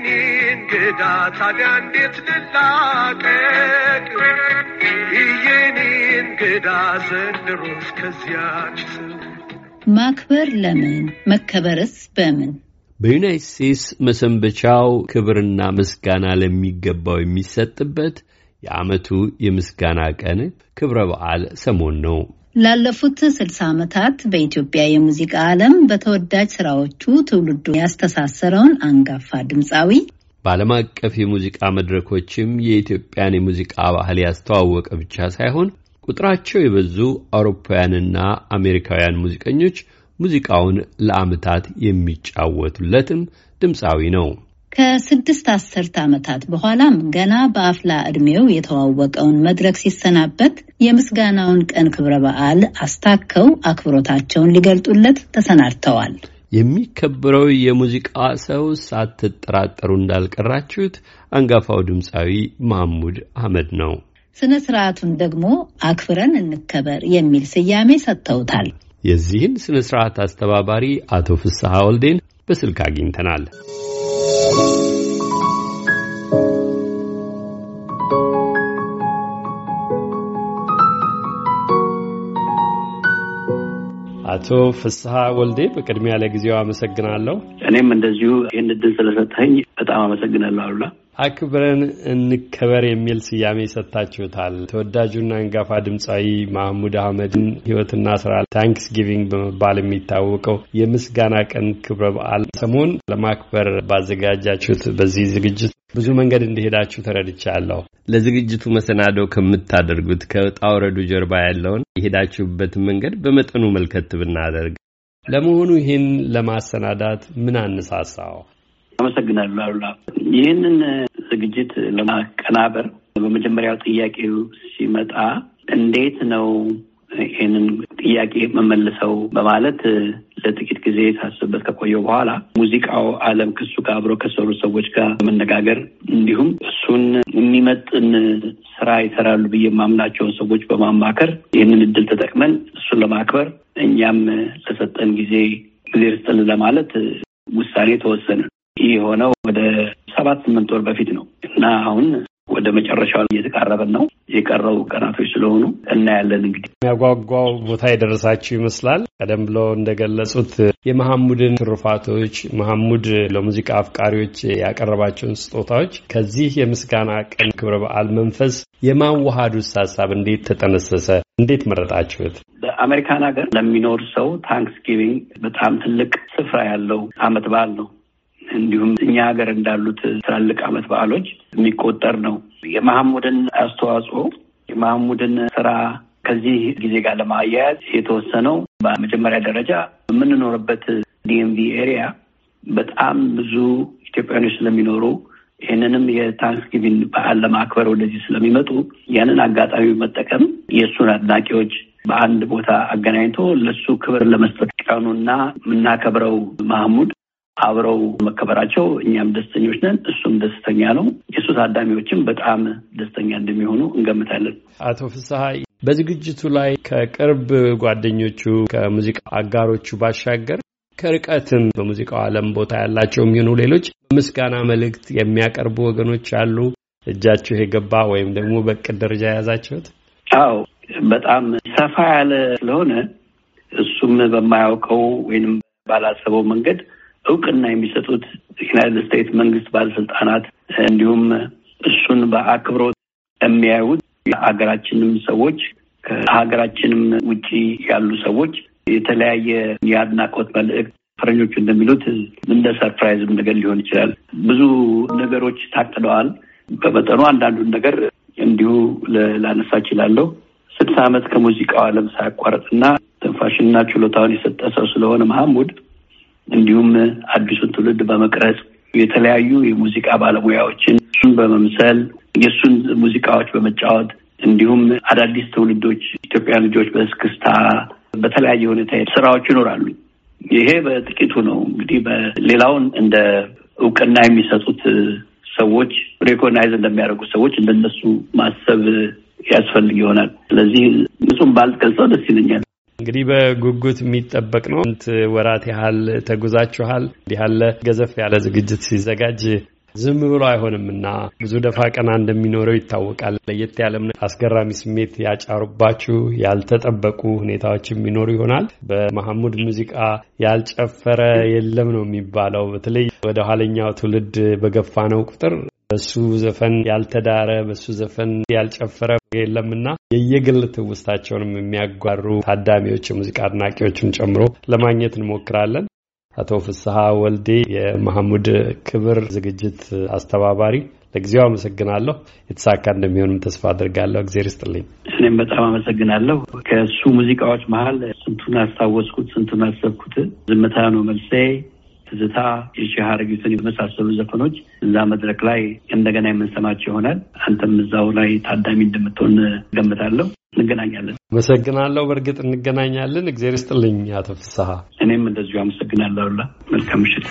ከኔ እንግዳ ታዲያ እንዴት ልላቀቅ እንግዳ ማክበር ለምን መከበርስ በምን? በዩናይት ስቴትስ መሰንበቻው ክብርና ምስጋና ለሚገባው የሚሰጥበት የዓመቱ የምስጋና ቀን ክብረ በዓል ሰሞን ነው። ላለፉት ስልሳ ዓመታት በኢትዮጵያ የሙዚቃ ዓለም በተወዳጅ ስራዎቹ ትውልዱ ያስተሳሰረውን አንጋፋ ድምፃዊ በዓለም አቀፍ የሙዚቃ መድረኮችም የኢትዮጵያን የሙዚቃ ባህል ያስተዋወቀ ብቻ ሳይሆን ቁጥራቸው የበዙ አውሮፓውያንና አሜሪካውያን ሙዚቀኞች ሙዚቃውን ለዓመታት የሚጫወቱለትም ድምፃዊ ነው። ከስድስት አስርት ዓመታት በኋላም ገና በአፍላ ዕድሜው የተዋወቀውን መድረክ ሲሰናበት የምስጋናውን ቀን ክብረ በዓል አስታከው አክብሮታቸውን ሊገልጡለት ተሰናድተዋል። የሚከበረው የሙዚቃ ሰው ሳትጠራጠሩ እንዳልቀራችሁት አንጋፋው ድምፃዊ ማህሙድ አህመድ ነው። ስነ ስርዓቱን ደግሞ አክብረን እንከበር የሚል ስያሜ ሰጥተውታል። የዚህን ስነ ስርዓት አስተባባሪ አቶ ፍስሐ ወልዴን በስልክ አግኝተናል። አቶ ፍስሐ ወልዴ በቅድሚያ ለጊዜው አመሰግናለሁ። እኔም እንደዚሁ ይህን እድል ስለሰጠኝ በጣም አመሰግናለሁ አሉላ። አክብረን እንከበር የሚል ስያሜ ሰጥታችሁታል። ተወዳጁና አንጋፋ ድምፃዊ ማህሙድ አህመድን ህይወትና ስራ ታንክስ ጊቪንግ በመባል የሚታወቀው የምስጋና ቀን ክብረ በዓል ሰሞን ለማክበር ባዘጋጃችሁት በዚህ ዝግጅት ብዙ መንገድ እንደሄዳችሁ ተረድቻለሁ። ለዝግጅቱ መሰናዶ ከምታደርጉት ከውጣ ውረዱ ጀርባ ያለውን የሄዳችሁበትን መንገድ በመጠኑ መልከት ብናደርግ። ለመሆኑ ይህን ለማሰናዳት ምን አነሳሳው? አመሰግናለሁ አሉላ። ይህንን ዝግጅት ለማቀናበር በመጀመሪያው ጥያቄው ሲመጣ እንዴት ነው ይህንን ጥያቄ መመልሰው በማለት ለጥቂት ጊዜ ታስበት ከቆየው በኋላ ሙዚቃው አለም ከሱ ጋር አብረው ከሰሩ ሰዎች ጋር መነጋገር እንዲሁም እሱን የሚመጥን ስራ ይሰራሉ ብዬ የማምናቸውን ሰዎች በማማከር ይህንን እድል ተጠቅመን እሱን ለማክበር እኛም ለሰጠን ጊዜ ጊዜ ርስጥን ለማለት ውሳኔ ተወሰነ። ይህ የሆነው ወደ ሰባት ስምንት ወር በፊት ነው እና አሁን ወደ መጨረሻው እየተቃረበን ነው። የቀረው ቀናቶች ስለሆኑ እናያለን። እንግዲህ የሚያጓጓው ቦታ የደረሳችሁ ይመስላል። ቀደም ብሎ እንደገለጹት የመሐሙድን ትሩፋቶች መሐሙድ ለሙዚቃ አፍቃሪዎች ያቀረባቸውን ስጦታዎች ከዚህ የምስጋና ቀን ክብረ በዓል መንፈስ የማዋሃዱስ ሀሳብ እንዴት ተጠነሰሰ? እንዴት መረጣችሁት? በአሜሪካን ሀገር ለሚኖር ሰው ታንክስጊቪንግ በጣም ትልቅ ስፍራ ያለው አመት በዓል ነው። እንዲሁም እኛ ሀገር እንዳሉት ትላልቅ ዓመት በዓሎች የሚቆጠር ነው። የማህሙድን አስተዋጽኦ የማህሙድን ስራ ከዚህ ጊዜ ጋር ለማያያዝ የተወሰነው በመጀመሪያ ደረጃ የምንኖርበት ዲኤምቪ ኤሪያ በጣም ብዙ ኢትዮጵያኖች ስለሚኖሩ ይህንንም የታንክስጊቪን በዓል ለማክበር ወደዚህ ስለሚመጡ ያንን አጋጣሚ መጠቀም የእሱን አድናቂዎች በአንድ ቦታ አገናኝቶ ለሱ ክብር ለመስጠት ቀኑና የምናከብረው ማህሙድ አብረው መከበራቸው እኛም ደስተኞች ነን፣ እሱም ደስተኛ ነው። የሱ ታዳሚዎችም በጣም ደስተኛ እንደሚሆኑ እንገምታለን። አቶ ፍስሐ በዝግጅቱ ላይ ከቅርብ ጓደኞቹ ከሙዚቃ አጋሮቹ ባሻገር ከርቀትም በሙዚቃው ዓለም ቦታ ያላቸው የሚሆኑ ሌሎች ምስጋና መልእክት የሚያቀርቡ ወገኖች አሉ። እጃችሁ የገባ ወይም ደግሞ በቅድ ደረጃ የያዛችሁት? አዎ በጣም ሰፋ ያለ ስለሆነ እሱም በማያውቀው ወይም ባላሰበው መንገድ እውቅና የሚሰጡት ዩናይትድ ስቴትስ መንግስት ባለስልጣናት እንዲሁም እሱን በአክብሮት የሚያዩት የሀገራችንም ሰዎች ከሀገራችንም ውጪ ያሉ ሰዎች የተለያየ የአድናቆት መልእክት ፈረኞቹ እንደሚሉት እንደ ሰርፕራይዝም ነገር ሊሆን ይችላል። ብዙ ነገሮች ታቅደዋል። በመጠኑ አንዳንዱን ነገር እንዲሁ ላነሳ እችላለሁ። ስልሳ ዓመት ከሙዚቃው ዓለም ሳያቋርጥና ትንፋሽና ችሎታውን የሰጠ ሰው ስለሆነ መሐሙድ እንዲሁም አዲሱን ትውልድ በመቅረጽ የተለያዩ የሙዚቃ ባለሙያዎችን እሱን በመምሰል የእሱን ሙዚቃዎች በመጫወት እንዲሁም አዳዲስ ትውልዶች ኢትዮጵያን ልጆች በእስክስታ በተለያየ ሁኔታ ስራዎች ይኖራሉ። ይሄ በጥቂቱ ነው እንግዲህ በሌላውን እንደ እውቅና የሚሰጡት ሰዎች ሬኮግናይዝ እንደሚያደርጉ ሰዎች እንደነሱ ማሰብ ያስፈልግ ይሆናል። ስለዚህ ንጹም ባልገልጸው ደስ ይለኛል። እንግዲህ በጉጉት የሚጠበቅ ነው። ወራት ያህል ተጉዛችኋል። እንዲህ ያለ ገዘፍ ያለ ዝግጅት ሲዘጋጅ ዝም ብሎ አይሆንም እና ብዙ ደፋ ቀና እንደሚኖረው ይታወቃል። ለየት ያለም አስገራሚ ስሜት ያጫሩባችሁ ያልተጠበቁ ሁኔታዎች የሚኖሩ ይሆናል። በመሐሙድ ሙዚቃ ያልጨፈረ የለም ነው የሚባለው። በተለይ ወደ ኋለኛው ትውልድ በገፋ ነው ቁጥር በሱ ዘፈን ያልተዳረ በሱ ዘፈን ያልጨፈረ የለምና የየግል ትውስታቸውንም የሚያጓሩ ታዳሚዎች የሙዚቃ አድናቂዎችን ጨምሮ ለማግኘት እንሞክራለን። አቶ ፍስሀ ወልዴ የመሐሙድ ክብር ዝግጅት አስተባባሪ፣ ለጊዜው አመሰግናለሁ። የተሳካ እንደሚሆንም ተስፋ አድርጋለሁ። እግዜር ይስጥልኝ። እኔም በጣም አመሰግናለሁ። ከእሱ ሙዚቃዎች መሀል ስንቱን አስታወስኩት፣ ስንቱን አሰብኩት፣ ዝምታ ነው መልሴ ትዝታ፣ የሺ ሀረጊትን የመሳሰሉ ዘፈኖች እዛ መድረክ ላይ እንደገና የምንሰማቸው ይሆናል። አንተም እዛው ላይ ታዳሚ እንደምትሆን ገምታለሁ። እንገናኛለን። አመሰግናለሁ። በእርግጥ እንገናኛለን። እግዜር ይስጥልኝ አቶ ፍስሐ። እኔም እንደዚሁ አመሰግናለሁ። ላ መልካም ምሽት።